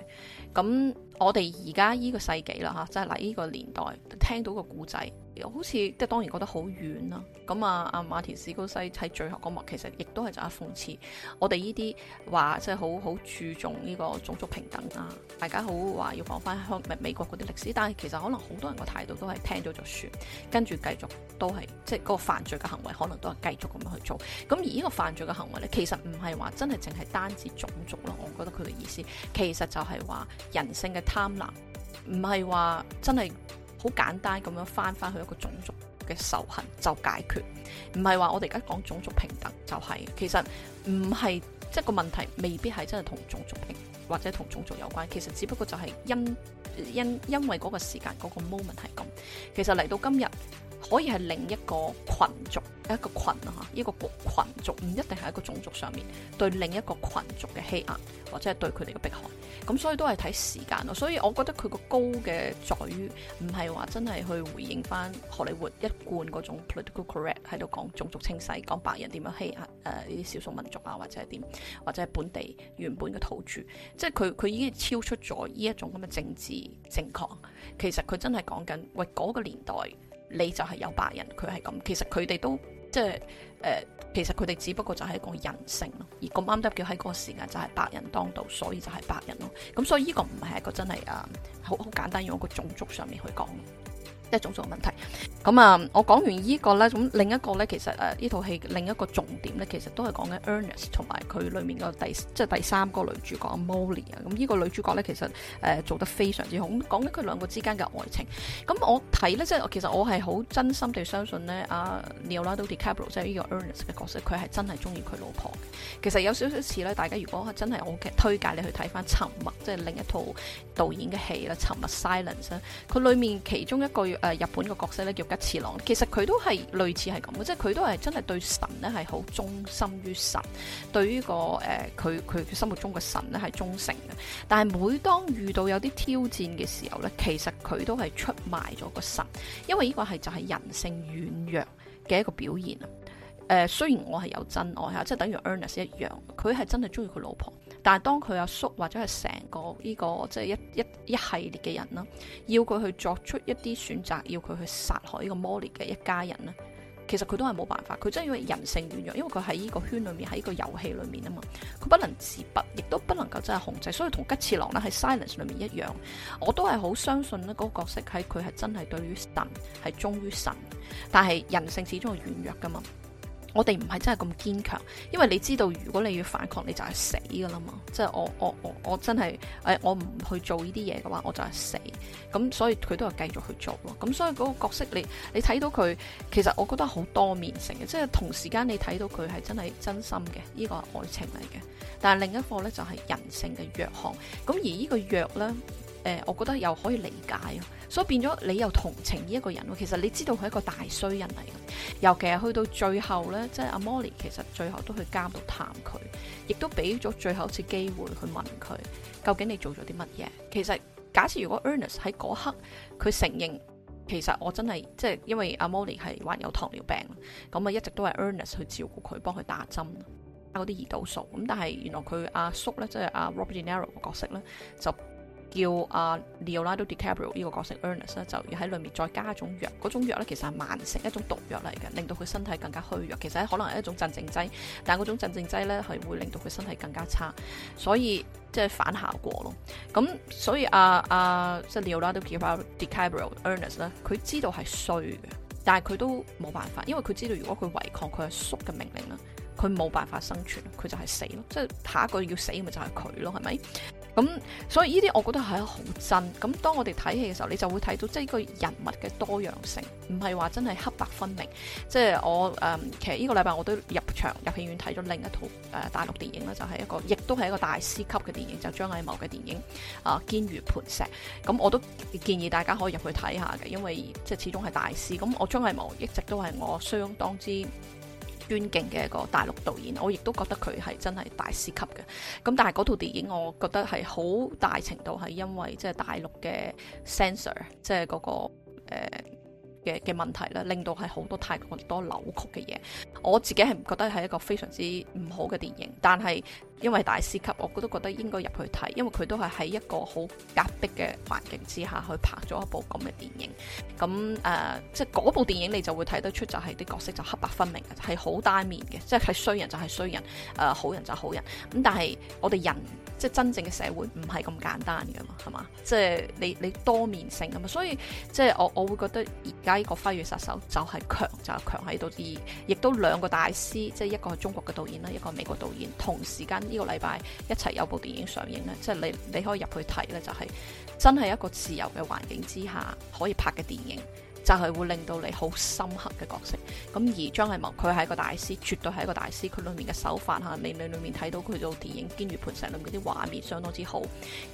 咁我哋而家呢個世紀啦嚇，即係嗱呢個年代聽到個故仔。好似即係當然覺得好遠啦，咁啊阿馬田史高西喺最後嗰幕，那個、其實亦都係就一諷刺，我哋呢啲話即係好好注重呢個種族平等啊，大家好話要講返香美美國嗰啲歷史，但係其實可能好多人個態度都係聽咗就算，跟住繼續都係即係嗰個犯罪嘅行為，可能都係繼續咁樣去做。咁而呢個犯罪嘅行為咧，其實唔係話真係淨係單止種族咯，我覺得佢嘅意思其實就係話人性嘅貪婪，唔係話真係。好簡單咁樣翻翻去一個種族嘅仇恨就解決，唔係話我哋而家講種族平等就係，其實唔係即係個問題未必係真係同種族平或者同種族有關，其實只不過就係因因因為嗰個時間嗰個 moment 係咁，其實嚟到今日。可以係另一個群族，一個群啊，一個群，一個群族唔一定係一個種族上面對另一個群族嘅欺壓，或者係對佢哋嘅迫害。咁所以都係睇時間咯。所以我覺得佢個高嘅在於唔係話真係去回應翻荷里活一貫嗰種 political correct 喺度講種族清洗，講白人點樣欺壓誒呢啲少數民族啊，或者係點，或者係本地原本嘅土著。即係佢佢已經超出咗呢一種咁嘅政治正確。其實佢真係講緊喂嗰個年代。你就係有白人，佢係咁，其實佢哋都即係誒，其實佢哋只不過就係一個人性咯，而咁啱得叫喺嗰個時間就係白人當道，所以就係白人咯，咁所以呢個唔係一個真係啊，好好簡單用一個種族上面去講。即係種族問題，咁啊，我講完呢、這個咧，咁另一個咧，其實誒呢套戲另一個重點咧，其實都係講緊 Earnest 同埋佢裡面個第即係第三個女主角 Molly 啊，咁呢個女主角咧其實誒、呃、做得非常之好，講緊佢兩個之間嘅愛情，咁我睇咧即係我其實我係好真心地相信咧，阿、啊、Leonardo DiCaprio 即係呢個 Earnest 嘅角色，佢係真係中意佢老婆。其實有少少似咧，大家如果真係我推介你去睇翻《沉默》，即係另一套導演嘅戲啦，《沉默 Silence》，佢裡面其中一個。誒日本個角色咧叫吉次郎，其實佢都係類似係咁嘅，即係佢都係真係對神咧係好忠心於神，對於個誒佢佢心目中嘅神咧係忠誠嘅。但係每當遇到有啲挑戰嘅時候咧，其實佢都係出賣咗個神，因為呢個係就係人性軟弱嘅一個表現啊。誒、呃，雖然我係有真愛嚇，即係等於 Ernest 一樣，佢係真係中意佢老婆。但係當佢阿叔,叔或者係成個呢、這個即係、就是、一一一系列嘅人啦，要佢去作出一啲選擇，要佢去殺害呢個 Molly 嘅一家人呢，其實佢都係冇辦法，佢真係因為人性軟弱，因為佢喺呢個圈裏面喺呢個遊戲裏面啊嘛，佢不能自拔，亦都不能夠真係控制，所以同吉次郎咧喺 Silence 裏面一樣，我都係好相信呢嗰個角色喺佢係真係對於神係忠於神，但係人性始終係軟弱噶嘛。我哋唔係真係咁堅強，因為你知道如果你要反抗你就係死㗎喇嘛，即係我我我我真係誒我唔去做呢啲嘢嘅話我就係死，咁所以佢都係繼續去做咯，咁所以嗰個角色你你睇到佢其實我覺得好多面性嘅，即係同時間你睇到佢係真係真心嘅呢個係愛情嚟嘅，但係另一個呢，就係人性嘅弱項，咁而呢個弱呢？誒、呃，我覺得又可以理解，所以變咗你又同情呢一個人。其實你知道佢係一個大衰人嚟，尤其係去到最後呢，即係阿 Molly 其實最後都去監度探佢，亦都俾咗最後一次機會去問佢究竟你做咗啲乜嘢。其實假設如果 Ernest 喺嗰刻佢承認，其實我真係即係因為阿 Molly 係患有糖尿病，咁啊一直都係 Ernest 去照顧佢，幫佢打針、打啲胰島素。咁但係原來佢阿叔呢，即係阿 Robert De Niro 嘅角色呢。就。叫、啊、Leonardo DiCaprio 呢個角色 Ernest 咧，就要喺裏面再加一種藥，嗰種藥咧其實係慢性一種毒藥嚟嘅，令到佢身體更加虛弱。其實可能係一種鎮靜劑，但嗰種鎮靜劑咧係會令到佢身體更加差，所以即係、就是、反效果咯。咁所以阿阿即係 Leonardo DiCaprio Ernest 咧，佢、啊就是、知道係衰嘅，但係佢都冇辦法，因為佢知道如果佢違抗佢阿叔嘅命令咧，佢冇辦法生存，佢就係死咯。即、就、係、是、下一個要死咪就係佢咯，係咪？咁所以呢啲我覺得係好真。咁當我哋睇戲嘅時候，你就會睇到即係呢個人物嘅多樣性，唔係話真係黑白分明。即係我誒，嗯，其實呢個禮拜我都入場入戲院睇咗另一套誒大陸電影啦，就係一個亦都係一個大師級嘅電影，就張藝謀嘅電影啊《堅如磐石》。咁我都建議大家可以入去睇下嘅，因為即係始終係大師。咁我張藝謀一直都係我相當之尊敬嘅一個大陸導演，我亦都覺得佢係真係大師級嘅。咁但係嗰套電影，我覺得係好大程度係因為即係、就是、大陸嘅 censor，即係嗰個誒嘅嘅問題咧，令到係好多太過多扭曲嘅嘢。我自己係唔覺得係一個非常之唔好嘅電影，但係。因為大師級，我都覺得應該入去睇，因為佢都係喺一個好壓迫嘅環境之下，去拍咗一部咁嘅電影。咁誒、呃，即係嗰部電影你就會睇得出、就係，就係啲角色就黑白分明嘅，係好單面嘅，即係係衰人就係衰人，誒、呃、好人就係好人。咁但係我哋人即係真正嘅社會唔係咁簡單嘅嘛，係嘛？即係你你多面性啊嘛，所以即係我我會覺得而家呢個《花月殺手》就係、係、強就係強喺度啲，亦都兩個大師，即係一個係中國嘅導演啦，一個係美國導演，同時間。呢個禮拜一齊有一部電影上映咧，即係你你可以入去睇咧，就係真係一個自由嘅環境之下可以拍嘅電影。就係會令到你好深刻嘅角色，咁而張藝謀佢係個大師，絕對係一個大師。佢裏面嘅手法嚇，你你裏面睇到佢做電影《堅如磐石》裏面啲畫面，相當之好。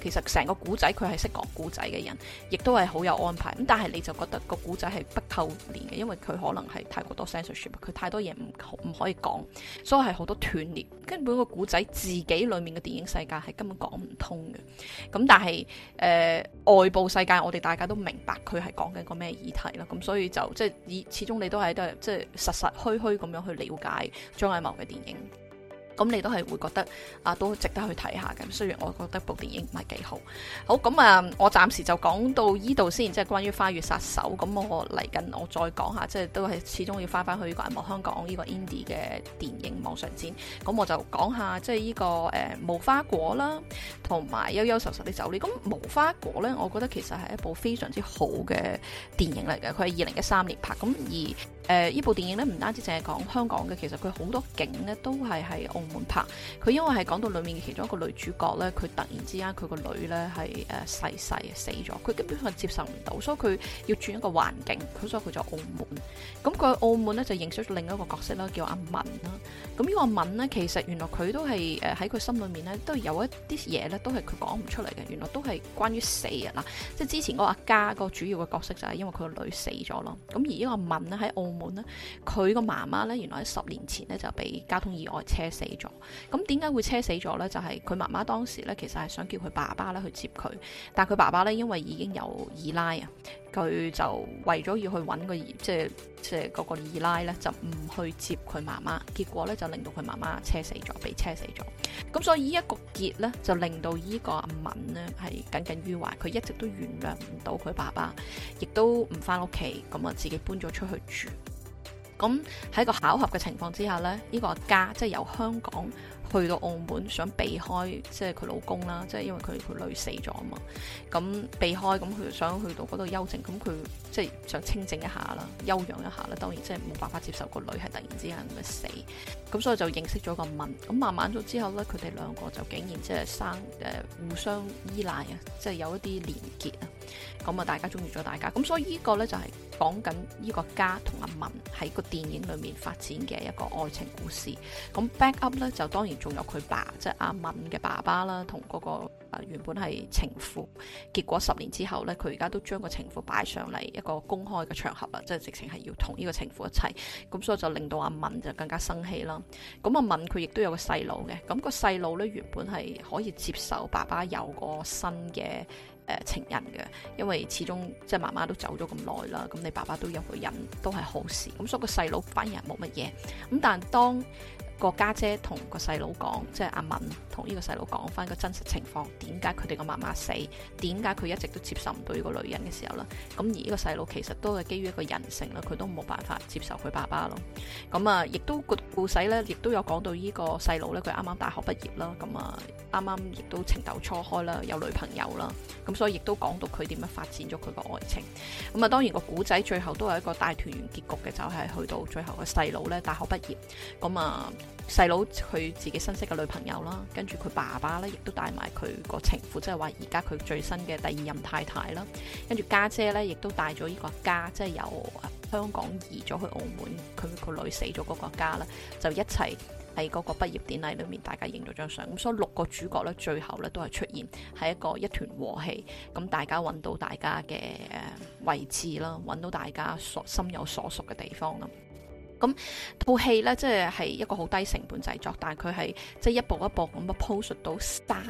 其實成個古仔佢係識講古仔嘅人，亦都係好有安排。咁但係你就覺得個古仔係不夠連嘅，因為佢可能係太過多 censorship 佢太多嘢唔唔可以講，所以係好多斷裂。根本個古仔自己裏面嘅電影世界係根本講唔通嘅。咁但係誒、呃、外部世界，我哋大家都明白佢係講緊個咩議題。咁所以就即係以始終你是都係都係即係實實虛虛咁樣去了解張藝謀嘅電影。咁你都係會覺得啊，都值得去睇下咁。雖然我覺得部電影唔係幾好。好咁啊，我暫時就講到依度先，即係關於《花月殺手》。咁我嚟緊我再講下，即係都係始終要翻翻去嗰個銀幕香港呢個 Indie 嘅電影網上展。咁我就講下即係依個誒《無花果》啦，同埋《憂憂愁愁的走了》咧。咁《無花果》呢？我覺得其實係一部非常之好嘅電影嚟嘅。佢係二零一三年拍。咁而誒依部電影呢，唔單止淨係講香港嘅，其實佢好多景呢都係喺門拍，佢因為係講到裏面的其中一個女主角咧，佢突然之間佢個女咧係誒逝世死咗，佢根本上接受唔到，所以佢要轉一個環境，咁所以佢就在澳門。咁佢喺澳門咧就認識咗另一個角色啦，叫阿文啦。咁呢個敏咧，其實原來佢都係誒喺佢心裏面咧，都有一啲嘢咧，都係佢講唔出嚟嘅。原來都係關於死啦。即係之前嗰個阿家個主要嘅角色就係因為佢個女死咗咯。咁而呢個敏咧喺澳門咧，佢個媽媽咧原來喺十年前咧就俾交通意外車死咗。咁點解會車死咗咧？就係佢媽媽當時咧其實係想叫佢爸爸咧去接佢，但佢爸爸咧因為已經有二奶啊。佢就為咗要去揾個二，即係即係嗰個二奶咧，就唔去接佢媽媽。結果呢，就令到佢媽媽車死咗，被車死咗。咁所以呢一個結呢，就令到呢個阿敏呢，係耿耿於懷，佢一直都原諒唔到佢爸爸，亦都唔翻屋企，咁啊自己搬咗出去住。咁喺個巧合嘅情況之下呢，呢個家即係由香港，去到澳門想避開，即係佢老公啦，即係因為佢佢女死咗啊嘛，咁避開，咁佢想去到嗰度休靜，咁佢即係想清靜一下啦，休養一下啦，當然即係冇辦法接受個女係突然之間咁樣死，咁所以就認識咗個文，咁慢慢咗之後咧，佢哋兩個就竟然即係生誒、呃、互相依賴啊，即係有一啲連結啊，咁啊大家中意咗大家，咁所以這個呢個咧就係講緊呢個家同阿文喺個電影裏面發展嘅一個愛情故事，咁 back up 咧就當然。仲有佢爸，即係阿敏嘅爸爸啦，同嗰個誒原本係情婦，結果十年之後呢，佢而家都將個情婦擺上嚟一個公開嘅場合啦，即係直情係要同呢個情婦一齊，咁所以就令到阿敏就更加生氣啦。咁阿敏佢亦都有個細佬嘅，咁、個細佬呢，原本係可以接受爸爸有個新嘅誒、呃、情人嘅，因為始終即係媽媽都走咗咁耐啦，咁你爸爸都有個人都係好事，咁所以個細佬反而冇乜嘢。咁但係當。個家姐同個細佬講，即係阿敏同呢個細佬講翻個真實情況，點解佢哋個媽媽死，點解佢一直都接受唔到呢個女人嘅時候啦，咁而呢個細佬其實都係基於一個人性啦，佢都冇辦法接受佢爸爸咯。咁啊，亦都個故仔呢，亦都有講到呢個細佬呢，佢啱啱大學畢業啦，咁啊，啱啱亦都情竇初開啦，有女朋友啦，咁所以亦都講到佢點樣發展咗佢個愛情。咁啊，當然個故仔最後都係一個大團圓結局嘅，就係、是、去到最後個細佬呢大學畢業，咁啊。細佬佢自己新識嘅女朋友啦，跟住佢爸爸咧，亦都帶埋佢個情婦，即係話而家佢最新嘅第二任太太啦。跟住家姐咧，亦都帶咗呢個家，即係由香港移咗去澳門，佢個女死咗嗰個家啦，就一齊喺嗰個畢業典禮裏面，大家影咗張相。咁所以六個主角咧，最後咧都係出現，係一個一團和氣，咁大家搵到大家嘅誒位置啦，搵到大家所心有所屬嘅地方啦。咁套戲咧，即係係一個好低成本製作，但係佢係即係一步一步咁啊 post 到三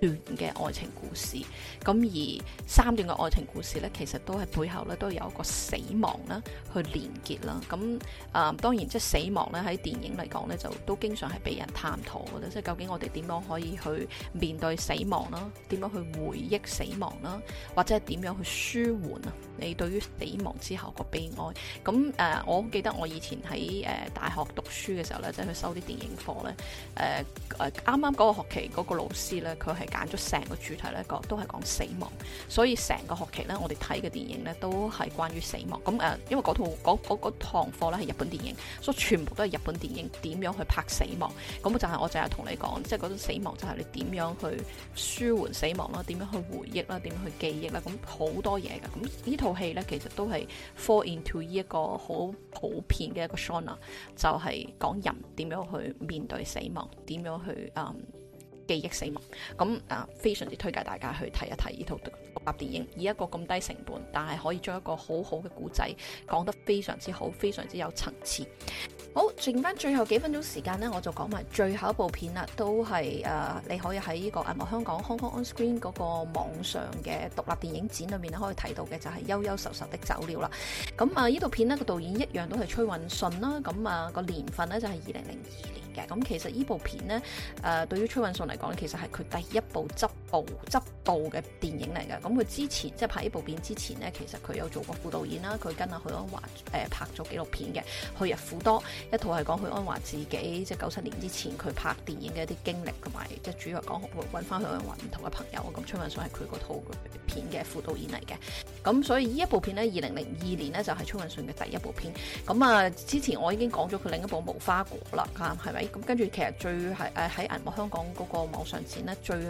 段嘅愛情故事。咁而三段嘅愛情故事咧，其實都係背後咧都有一個死亡啦，去連結啦。咁啊、呃，當然即係死亡咧喺電影嚟講咧，就都經常係被人探討嘅咧。即係究竟我哋點樣可以去面對死亡啦？點樣去回憶死亡啦？或者係點樣去舒緩啊？你對於死亡之後個悲哀？咁誒、呃，我記得我以前前喺誒大學讀書嘅時候咧，即係去收啲電影課咧，誒誒啱啱個學期嗰個老師咧，佢係揀咗成個主題咧講都係講死亡，所以成個學期咧，我哋睇嘅電影咧都係關於死亡。咁誒因為嗰套嗰嗰堂課咧係日本電影，所以全部都係日本電影點樣去拍死亡。咁就係我就係同你講，即係嗰種死亡就係你點樣去舒緩死亡啦，點樣去回憶啦，點樣去記憶啦，咁好多嘢嘅。咁呢套戲咧其實都係 fall into 呢一個好普遍嘅。一個 short 啦，就係、是、講人點樣去面對死亡，點樣去，嗯。記憶死亡，咁啊非常之推介大家去睇一睇呢套獨立電影，以一個咁低成本，但係可以將一個很好好嘅故仔講得非常之好，非常之有層次。好，剩翻最後幾分鐘時間呢，我就講埋最後一部片啦，都係誒、啊、你可以喺呢個啊，銀幕香港 Hong Kong On Screen 嗰個網上嘅獨立電影展裏面咧，可以睇到嘅就係憂憂愁愁的走了啦。咁啊呢套片呢，個導演一樣都係崔雲順啦，咁啊個年份呢，就係二零零二年。咁其實呢部片咧，誒，對於崔允信嚟講，其實係佢第一部執部、執導嘅電影嚟嘅。咁佢之前即係拍呢部片之前咧，其實佢有做過副導演啦，佢跟阿許安華誒、呃、拍咗紀錄片嘅，去日苦多一套係講許安華自己即係九七年之前佢拍電影嘅一啲經歷，同埋即係主要講揾翻許安華唔同嘅朋友。咁崔允信係佢嗰套片嘅副導演嚟嘅。咁所以呢一部片咧，二零零二年咧就係崔允信嘅第一部片。咁啊，之前我已經講咗佢另一部《無花果》啦，係咪？咁跟住，其實最係誒喺銀幕香港嗰個網上展咧，最誒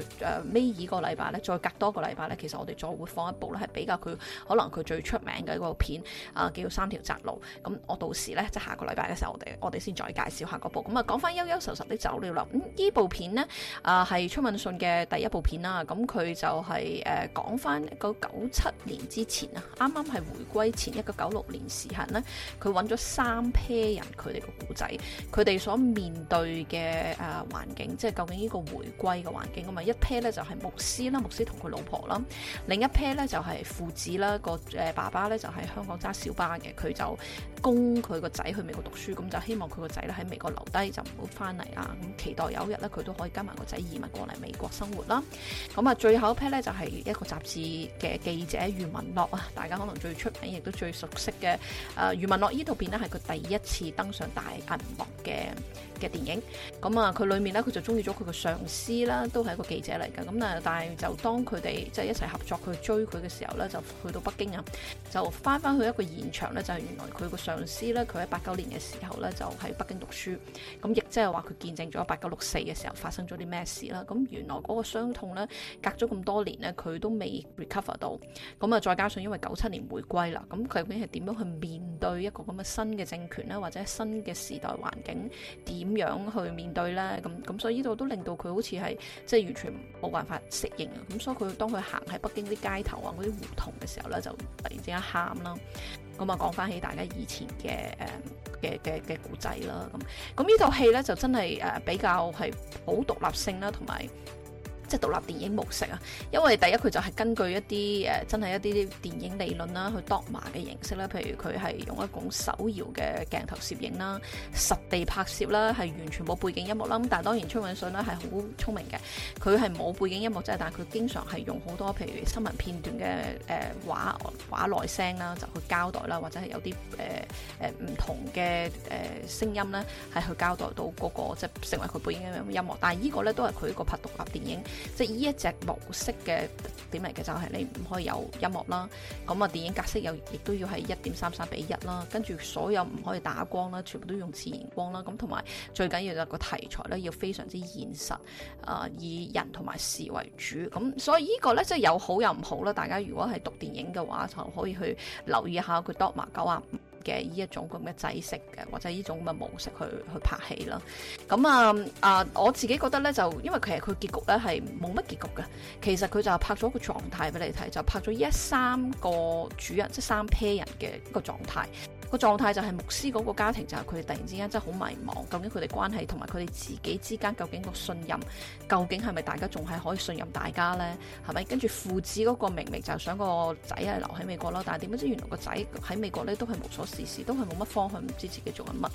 尾二個禮拜咧，再隔多個禮拜咧，其實我哋再會放一部咧，係比較佢可能佢最出名嘅嗰個片啊、呃，叫《三條窄路》。咁我到時咧，即下個禮拜嘅時候我，我哋我哋先再介紹下嗰部。咁、嗯、啊，講翻憂憂愁愁的走了。咁、嗯、呢部片咧啊，係、呃、崔允信嘅第一部片啦。咁、啊、佢就係誒講翻一個九七年之前啊，啱啱係回歸前一個九六年時候咧，佢揾咗三 pair 人的，佢哋個故仔，佢哋所面。對嘅誒，環、呃、境即係究竟呢個回歸嘅環境咁啊。一 pair 咧就係、是、牧師啦，牧師同佢老婆啦。另一 pair 咧就係、是、父子啦，個、啊、誒爸爸咧就係、是、香港揸小巴嘅，佢就供佢個仔去美國讀書，咁就希望佢個仔咧喺美國留低就唔好翻嚟啊。咁期待有一日咧，佢都可以跟埋個仔移民過嚟美國生活啦。咁啊，最後一 pair 咧就係、是、一個雜誌嘅記者余文樂啊。大家可能最出名，亦都最熟悉嘅誒，余、呃、文樂呢套片咧係佢第一次登上大銀幕嘅。嘅電影咁啊，佢裡面咧，佢就中意咗佢嘅上司啦，都係一個記者嚟㗎咁啊。但係就當佢哋即係一齊合作去追佢嘅時候咧，就去到北京啊，就返返去一個現場咧，就係原來佢個上司咧，佢喺八九年嘅時候咧，就喺北京讀書，咁亦即係話佢見證咗八九六四嘅時候發生咗啲咩事啦。咁原來嗰個傷痛咧，隔咗咁多年咧，佢都未 recover 到。咁啊，再加上因為九七年回歸啦，咁佢究竟係點樣去面對一個咁嘅新嘅政權咧，或者新嘅時代環境點？咁樣去面對咧？咁咁所以呢度都令到佢好似係即係完全冇辦法適應啊！咁所以佢當佢行喺北京啲街頭啊、嗰啲胡同嘅時候咧，就突然之間喊啦。咁啊，講翻起大家以前嘅誒嘅嘅嘅古仔啦。咁、呃、咁呢套戲咧就真係誒、呃、比較係好獨立性啦，同埋。即係獨立電影模式啊！因為第一佢就係根據一啲誒、呃、真係一啲啲電影理論啦，去 Dogma 嘅形式啦。譬如佢係用一種手搖嘅鏡頭攝影啦，實地拍攝啦，係完全冇背景音樂啦。咁但係當然崔允信咧係好聰明嘅，佢係冇背景音樂啫，但係佢經常係用好多譬如新聞片段嘅誒畫畫內聲啦，就去交代啦，或者係有啲誒誒唔同嘅誒聲音啦，係去交代到嗰、那個即係成為佢背景嘅音樂。但係呢個咧都係佢一個拍獨立電影。即係依一隻模式嘅點嚟嘅，就係你唔可以有音樂啦，咁啊電影格式又亦都要係一點三三比一啦，跟住所有唔可以打光啦，全部都用自然光啦，咁同埋最緊要就個題材咧要非常之現實，啊、呃、以人同埋事為主，咁所以這個呢個咧即係有好有唔好啦，大家如果係讀電影嘅話，就可以去留意一下佢 Dogma 九啊五。嘅呢一種咁嘅制式嘅，或者呢種咁嘅模式去去拍戲啦。咁啊啊，我自己覺得呢，就因為其實佢結局呢係冇乜結局嘅。其實佢就拍咗個狀態俾你睇，就拍咗一三個主人，即三 pair 人嘅一個狀態。個狀態就係牧師嗰個家庭就係佢哋突然之間真係好迷茫，究竟佢哋關係同埋佢哋自己之間究竟個信任，究竟係咪大家仲係可以信任大家呢？係咪跟住父子嗰個明明就想個仔係留喺美國咯，但係點知原來個仔喺美國呢都係無所。時時都係冇乜方向，唔知自己做緊乜。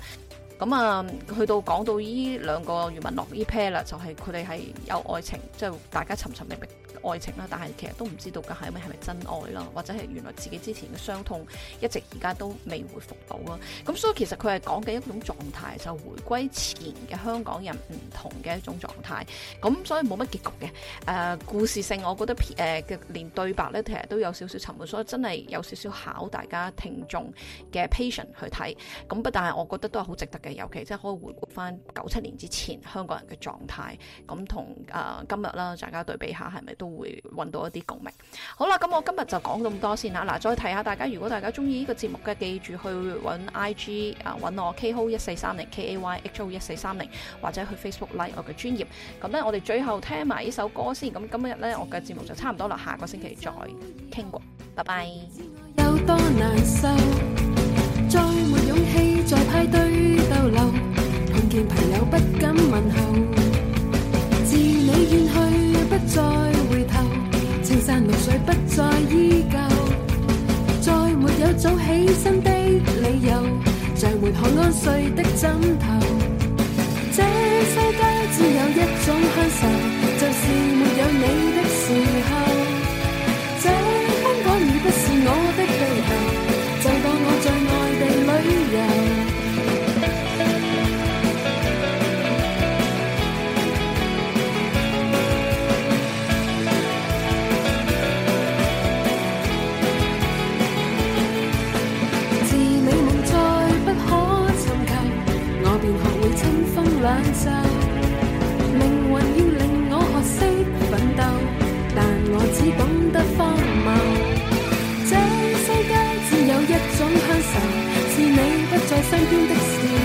咁啊，去到講到依兩個余文樂呢 pair 啦，就係佢哋係有愛情，即係大家尋尋覓覓。愛情啦，但係其實都唔知道嘅係咪係咪真愛啦，或者係原來自己之前嘅傷痛一直而家都未回復到啦。咁所以其實佢係講嘅一種狀態，就係、回歸前嘅香港人唔同嘅一種狀態。咁所以冇乜結局嘅。誒、呃、故事性，我覺得誒嘅、呃、連對白咧，其實都有少少沉悶，所以真係有少少考大家聽眾嘅 patience 去睇。咁不，但係我覺得都係好值得嘅，尤其即係可以回顧翻九七年之前香港人嘅狀態，咁同誒今日啦，大家對比一下係咪都～會揾到一啲共鳴。好啦，咁我今日就講咁多先啦，嗱，再睇下大家。如果大家中意呢個節目嘅，記住去揾 I G 啊，揾我 K H O 一四三零 K A Y H O 一四三零，或者去 Facebook like 我嘅專業。咁呢，我哋最後聽埋呢首歌先。咁今日呢，我嘅節目就差唔多啦，下個星期再傾過。拜拜。有多難受，再沒勇氣在派對逗留，看見朋友不敢問候。安睡的枕頭，這世界只有一種享受，就是沒有你的時候。這香港已不是我的地頭，就當我在外地旅遊。命運要令我學識奮鬥，但我只懂得荒謬。這世間只有一種享受，是你不在身邊的時候。